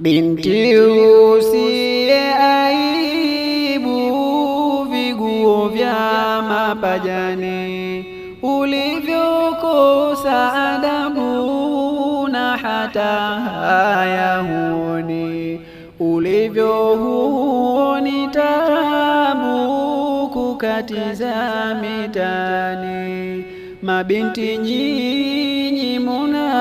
Binti usiye aibu viguo vya mapajani, ulivyokosa adabu na hata haya huoni, ulivyohuoni tabu kukatiza mitani, mabinti nyinyi muna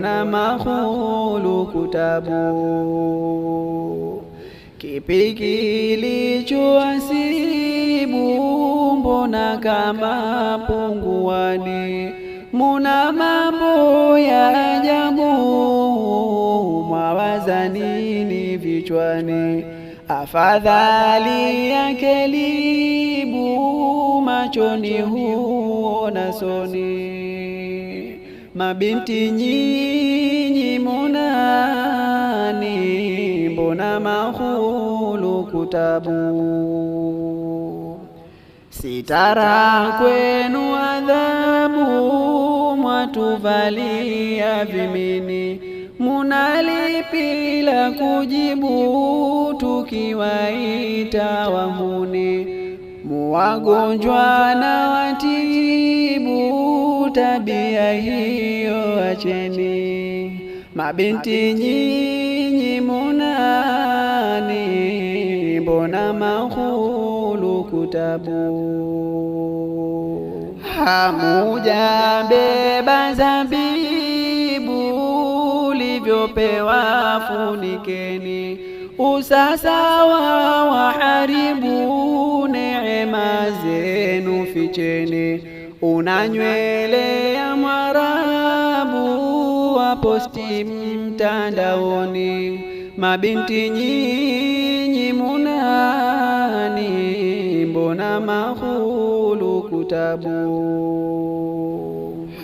na makhuluku kutabu Kipi kilichoasibu? Mbona kama punguani? Muna mambo ya ajabu, mwawaza nini vichwani? Afadhali ya kelibu, machoni huona soni Mabinti nyinyi munani, mbona mahulu kutabu Sitara kwenu adhabu, mwatuvalia vimini, munalipila kujibu, tukiwaita wahuni, muwagonjwa na watibu tabia hiyo acheni. Mabinti nyinyi munani, mbona mahulu kutabu hamujabeba zambi mliopewa funikeni, usasa wa waharibu, neema zenu ficheni. Una nywele ya Mwarabu, waposti mtandaoni, mabinti nyinyi munani, mbona mahulu kutabu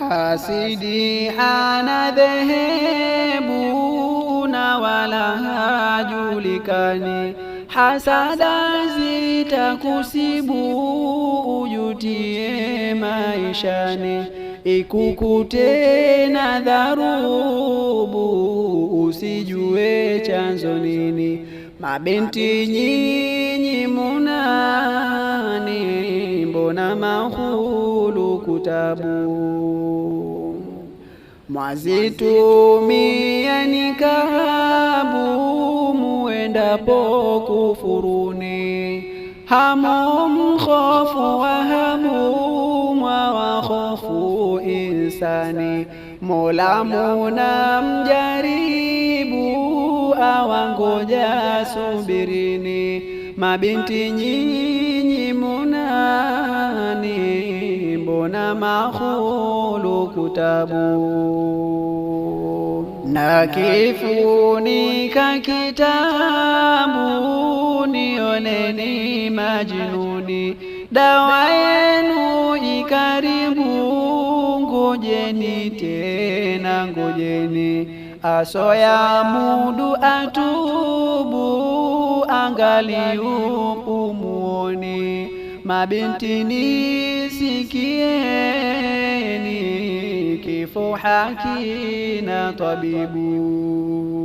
Hasidi hana dhehebu na wala hajulikani, hasada zitakusibu ujutie maishani, ikukute na dharubu usijue chanzo nini. Mabinti nyinyi munani na mahulu kutabu, ni kahabu, muendapo kufuruni, hamo mkhofu wa hamu, mwawahofu insani, Mola muna mjaribu, awangoja subirini, mabinti nyinyi kitabu na kifunika kitabu, nioneni majnuni, dawa yenu ikaribu, ngojeni tena ngojeni, asoya mudu atubu, angaliupu umuoni mabintini sikieni فحاكينا طبيبون